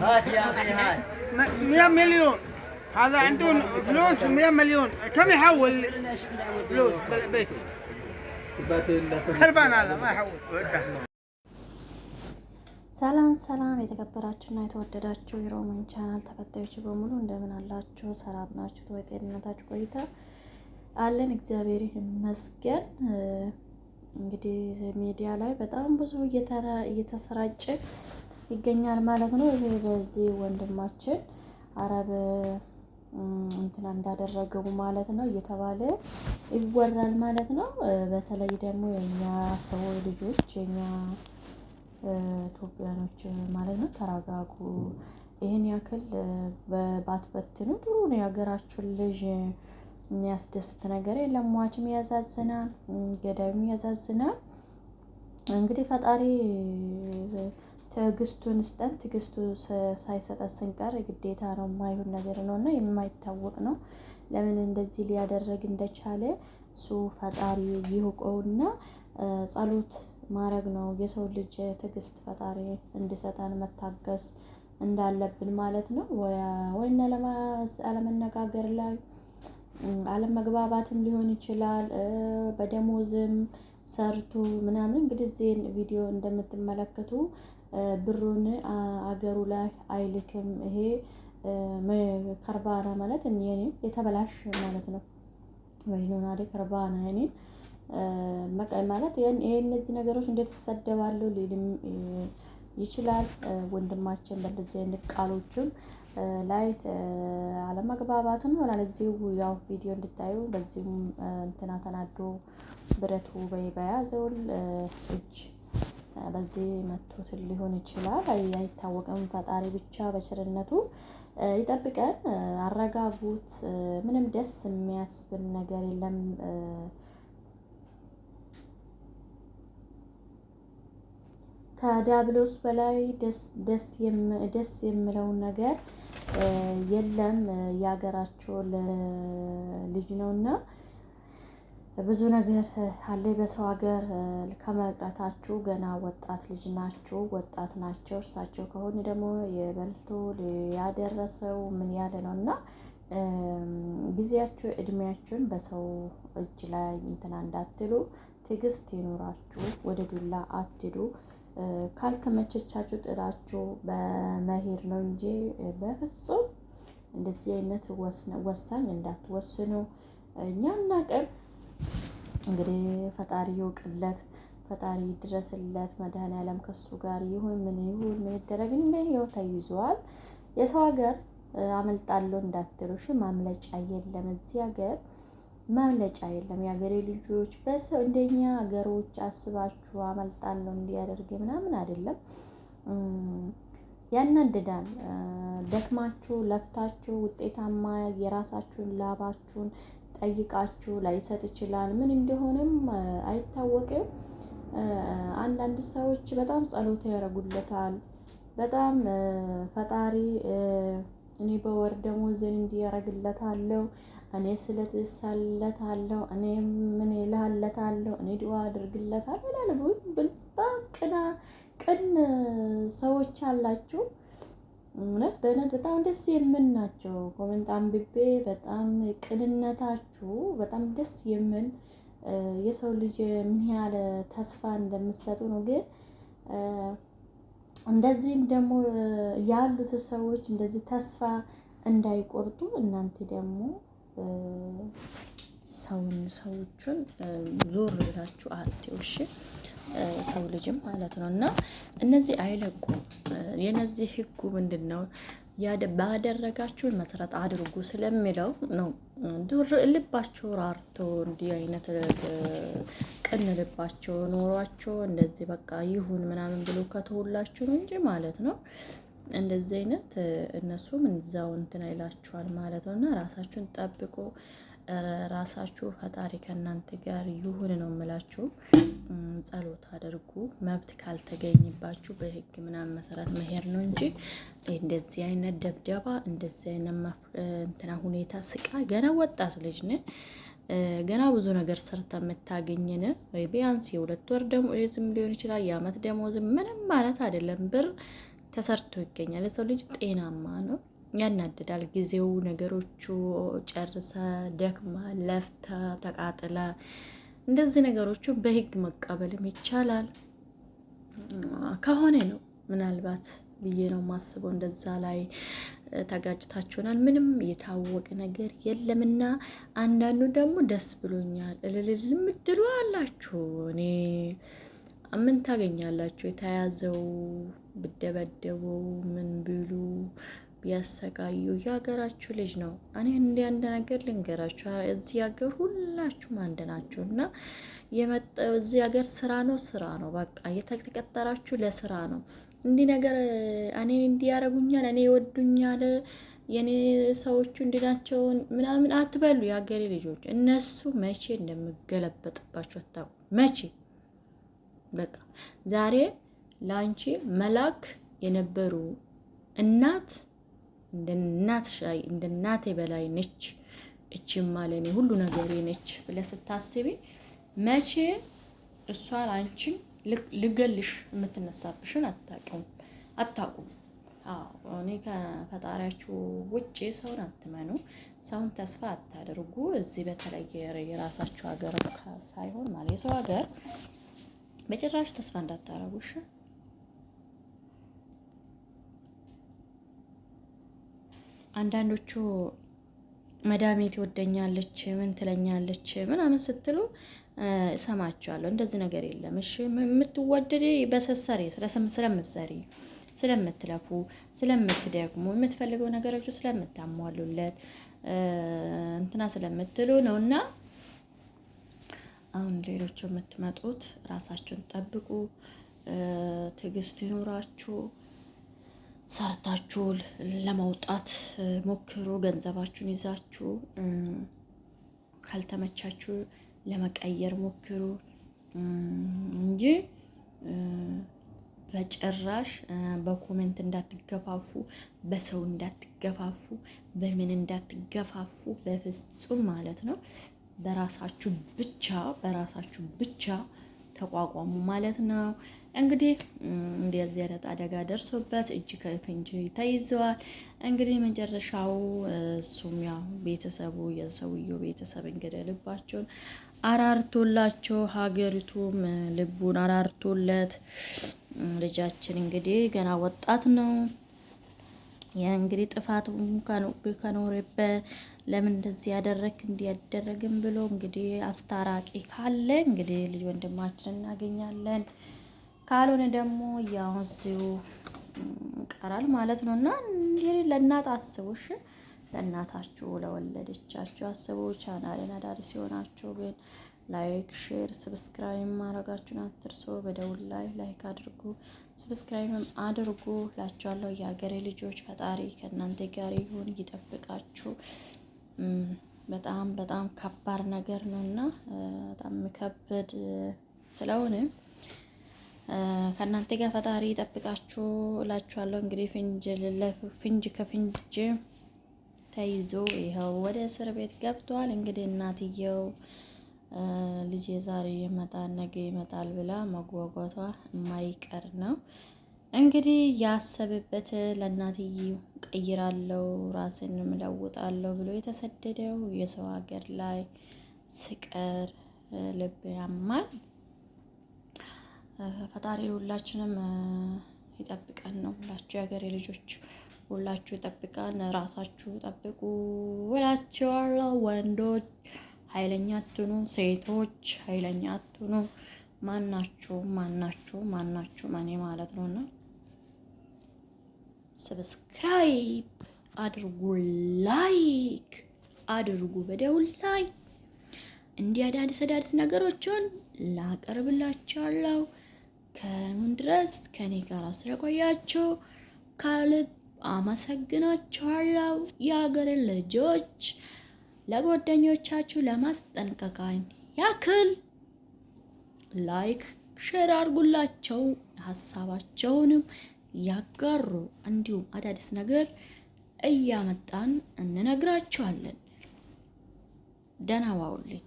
100 مليون هذا عنده فلوس 100 مليون كم يحول فلوس بالبيت خربان هذا ما يحول ሰላም ሰላም የተከበራችሁና የተወደዳችሁ የሮማን ቻናል ተከታዮች በሙሉ እንደምን አላችሁ? ሰላም ናችሁ? በጤንነታችሁ ቆይታ አለን። እግዚአብሔር ይመስገን። እንግዲህ ሚዲያ ላይ በጣም ብዙ እየተሰራጨ ይገኛል ማለት ነው። ይሄ በዚህ ወንድማችን አረብ እንትና እንዳደረገው ማለት ነው እየተባለ ይወራል ማለት ነው። በተለይ ደግሞ የኛ ሰው ልጆች የኛ ኢትዮጵያኖች ማለት ነው ተረጋጉ፣ ይህን ያክል ባትበትኑ ጥሩ ነው። የሀገራችሁን ልጅ የሚያስደስት ነገር የለም። ሟችም ያዛዝናል፣ ገዳዩም ያዛዝናል። እንግዲህ ፈጣሪ ትዕግስቱን ስጠን። ትዕግስቱ ሳይሰጠ ስንቀር ግዴታ ነው የማይሆን ነገር ነው እና የማይታወቅ ነው። ለምን እንደዚህ ሊያደረግ እንደቻለ እሱ ፈጣሪ ይውቀውና ጸሎት ማድረግ ነው የሰው ልጅ ትዕግስት ፈጣሪ እንዲሰጠን መታገስ እንዳለብን ማለት ነው። ወይነ አለመነጋገር ላይ አለመግባባትም ሊሆን ይችላል። በደሞዝም ሰርቶ ምናምን እንግዲህ እዚህ ቪዲዮ እንደምትመለከቱ ብሩን አገሩ ላይ አይልክም። ይሄ ከርባና ማለት እኔ የተበላሽ ማለት ነው። ወይ ወይኖናሪ ከርባና እኔ መቀ ማለት እነዚህ ነገሮች እንዴት እሰደባለሁ ሊልም ይችላል። ወንድማችን በእንደዚህ አይነት ቃሎችም ላይ አለመግባባትም ይሆናል። እዚሁ ያው ቪዲዮ እንድታዩ በዚሁም እንትና ተናዶ ብረቱ በይ በያዘው እጅ በዚህ መቶትን ሊሆን ይችላል፣ አይታወቅም። ፈጣሪ ብቻ በቸርነቱ ይጠብቀን። አረጋጉት። ምንም ደስ የሚያስብል ነገር የለም። ከዲያብሎስ በላይ ደስ የምለው ነገር የለም። የሀገራቸው ልጅ ነውና ብዙ ነገር አለ በሰው ሀገር ከመቅረታችሁ ገና ወጣት ልጅ ናችሁ፣ ወጣት ናቸው። እርሳቸው ከሆነ ደግሞ የበልቶ ያደረሰው ምን ያለ ነው እና ጊዜያችሁ እድሜያችሁን በሰው እጅ ላይ እንትና እንዳትሉ፣ ትዕግስት ይኖራችሁ፣ ወደ ዱላ አትዱ። ካልተመቸቻችሁ ጥላችሁ በመሄድ ነው እንጂ በፍጹም እንደዚህ አይነት ወሳኝ እንዳትወስኑ እኛ እናቀን እንግዲህ ፈጣሪ ይወቅለት፣ ፈጣሪ ይድረስለት፣ መድኃኔዓለም ከሱ ጋር ይሁን። ምን ይሁን ምን ይደረግ፣ ህይወት ተይዟል። የሰው ሀገር አመልጣለሁ እንዳትሉሽ፣ ማምለጫ የለም እዚህ ሀገር ማምለጫ የለም። የሀገሬ ልጆች በሰው እንደኛ ሀገሮች አስባችሁ አመልጣለሁ እንዲያደርግ ምናምን አይደለም። ያናድዳል። ደክማችሁ ለፍታችሁ ውጤታማ የራሳችሁን ላባችሁን ጠይቃችሁ ላይሰጥ ይችላል። ምን እንደሆነም አይታወቅም። አንዳንድ ሰዎች በጣም ጸሎት ያደርጉለታል። በጣም ፈጣሪ እኔ በወር ደሞዜን እንዲህ ያደርግለታለሁ፣ እኔ ስለት እሳልለታለሁ፣ እኔ ምን እልሃለታለሁ፣ እኔ ድዋ አድርግለታለሁ ይላሉ። በጣም ቅና ቅን ሰዎች አላችሁ። እውነት በእውነት በጣም ደስ የምን ናቸው። ኮመንት አንብቤ በጣም ቅንነታችሁ በጣም ደስ የምን የሰው ልጅ ምን ያለ ተስፋ እንደምትሰጡ ነው። ግን እንደዚህም ደግሞ ያሉት ሰዎች እንደዚህ ተስፋ እንዳይቆርጡ እናንተ ደግሞ ሰውን ሰዎቹን ዞር ብላችሁ አትውሽ ሰው ልጅም ማለት ነው እና እነዚህ አይለቁም ነው። የነዚህ ህጉ ምንድን ነው? ባደረጋችሁ መሰረት አድርጉ ስለሚለው ነው። ልባቸው ራርቶ እንዲህ አይነት ቅን ልባቸው ኖሯቸው እንደዚህ በቃ ይሁን ምናምን ብሎ ከተውላችሁም እንጂ ማለት ነው እንደዚህ አይነት እነሱም እዛው እንትን አይላችኋል ማለት ነው እና ራሳችሁን ጠብቁ። ራሳችሁ ፈጣሪ ከእናንተ ጋር ይሁን ነው የምላችሁ። ጸሎት አድርጉ። መብት ካልተገኝባችሁ በህግ ምናምን መሰረት መሄድ ነው እንጂ እንደዚህ አይነት ደብደባ፣ እንደዚህ አይነት እንትና ሁኔታ ስቃ ገና ወጣት ልጅ ነ ገና ብዙ ነገር ሰርተ የምታገኝን ቢያንስ የሁለት ወር ደሞዝም ሊሆን ይችላል፣ የአመት ደሞዝም ምንም ማለት አይደለም። ብር ተሰርቶ ይገኛል። የሰው ልጅ ጤናማ ነው። ያናድዳል። ጊዜው ነገሮቹ ጨርሰ ደክመ ለፍተ ተቃጥለ እንደዚህ ነገሮቹ በህግ መቀበልም ይቻላል ከሆነ ነው ምናልባት ብዬ ነው ማስበው። እንደዛ ላይ ተጋጭታችሁናል፣ ምንም የታወቀ ነገር የለምና፣ አንዳንዱ ደግሞ ደስ ብሎኛል እልልል የምትሉ አላችሁ። እኔ ምን ታገኛላችሁ? የተያዘው ብደበደበው ምን ብሉ ቢያሰቃዩ የሀገራችሁ ልጅ ነው። እኔ እንዲ አንድ ነገር ልንገራችሁ፣ እዚህ ሀገር ሁላችሁም አንድ ናችሁ እና የመጣው እዚህ ሀገር ስራ ነው፣ ስራ ነው። በቃ የተቀጠራችሁ ለስራ ነው። እንዲህ ነገር እኔ እንዲህ ያደርጉኛል፣ እኔ ይወዱኛል፣ የእኔ ሰዎቹ እንዲህ ናቸው ምናምን አትበሉ። የሀገሬ ልጆች እነሱ መቼ እንደምገለበጥባቸው አታውቁም። መቼ በቃ ዛሬ ላንቺ መላክ የነበሩ እናት እንደ እናቴ በላይ ነች፣ እችማ ለእኔ ሁሉ ነገሬ ነች ብለሽ ስታስቢ መቼ እሷን አንቺን ልገልሽ የምትነሳብሽን አታውቂውም አታውቁም። እኔ ከፈጣሪያችሁ ውጭ ሰውን አትመኑ፣ ሰውን ተስፋ አታደርጉ። እዚህ በተለይ የራሳችሁ ሀገር ሳይሆን ማለት የሰው ሀገር በጭራሽ ተስፋ እንዳታረጉሽ አንዳንዶቹ መዳሜት ወደኛለች ምን ትለኛለች ምናምን ስትሉ እሰማቸዋለሁ። እንደዚህ ነገር የለም። እሺ የምትወደድ በሰሰሪ ስለምትሰሪ፣ ስለምትለፉ፣ ስለምትደግሙ፣ የምትፈልገው ነገሮች ስለምታሟሉለት እንትና ስለምትሉ ነው እና አሁን ሌሎቹ የምትመጡት ራሳችሁን ጠብቁ፣ ትዕግስት ይኖራችሁ። ሰርታችሁ ለመውጣት ሞክሩ። ገንዘባችሁን ይዛችሁ ካልተመቻችሁ ለመቀየር ሞክሩ እንጂ በጭራሽ በኮሜንት እንዳትገፋፉ፣ በሰው እንዳትገፋፉ፣ በምን እንዳትገፋፉ በፍጹም ማለት ነው። በራሳችሁ ብቻ በራሳችሁ ብቻ ተቋቋሙ ማለት ነው። እንግዲህ እንደዚህ አይነት አደጋ ደርሶበት እጅ ከፍንጅ ተይዘዋል። እንግዲህ መጨረሻው እሱም ያው ቤተሰቡ የሰውየው ቤተሰብ እንግዲህ ልባቸውን አራርቶላቸው ሀገሪቱም ልቡን አራርቶለት ልጃችን እንግዲህ ገና ወጣት ነው። ያ እንግዲህ ጥፋት ከኖረበት ለምን እንደዚህ ያደረክ እንዲያደረግም ብሎ እንግዲህ አስታራቂ ካለ እንግዲህ ልጅ ወንድማችን እናገኛለን። ካልሆነ ደግሞ ያው እዚሁ ቀራል ማለት ነው። እና እንዲህ ለእናት አስቡሽ፣ ለእናታችሁ ለወለደቻችሁ አስቡ። ቻናሌን አዳሪ ሲሆናችሁ ግን ላይክ፣ ሼር፣ ሰብስክራይብ ማድረጋችሁን አትርሶ። በደውል ላይ ላይክ አድርጉ፣ ሰብስክራይብም አድርጉ ላችኋለሁ። የሀገሬ ልጆች ፈጣሪ ከእናንተ ጋር ይሁን፣ ይጠብቃችሁ። በጣም በጣም ከባድ ነገር ነው እና በጣም የሚከብድ ስለሆነ ከእናንተ ጋር ፈጣሪ ይጠብቃችሁ እላችኋለሁ። እንግዲህ ፍንጅ ፍንጅ ከፍንጅ ተይዞ ይኸው ወደ እስር ቤት ገብቷል። እንግዲህ እናትየው ልጅ የዛሬ ይመጣል ነገ ይመጣል ብላ መጓጓቷ የማይቀር ነው። እንግዲህ ያሰብበት ለእናትየው ቀይራለው ራስን ምለውጣለሁ ብሎ የተሰደደው የሰው ሀገር ላይ ስቀር ልብ ያማል። ፈጣሪ ሁላችንም ይጠብቀን ነው ሁላችሁ የሀገሬ ልጆች ሁላችሁ ይጠብቀን። ራሳችሁ ጠብቁ እላችኋለሁ። ወንዶች ኃይለኛ አትኑ፣ ሴቶች ኃይለኛ አትኑ። ማናችሁ ማናችሁ ማናችሁ ማኔ ማለት ነው ነውና ሰብስክራይብ አድርጉ፣ ላይክ አድርጉ፣ በደውል ላይ እንዲህ አዳዲስ አዳዲስ ነገሮችን ላቀርብላችኋለሁ። ከኑን ድረስ ከኔ ጋር ስለቆያችሁ ከልብ አመሰግናችኋለሁ። የሀገርን ልጆች ለጓደኞቻችሁ ለማስጠንቀቃኝ ያክል ላይክ ሼር አድርጉላቸው፣ ሀሳባቸውንም ያጋሩ። እንዲሁም አዳዲስ ነገር እያመጣን እንነግራችኋለን። ደህና ዋውልኝ።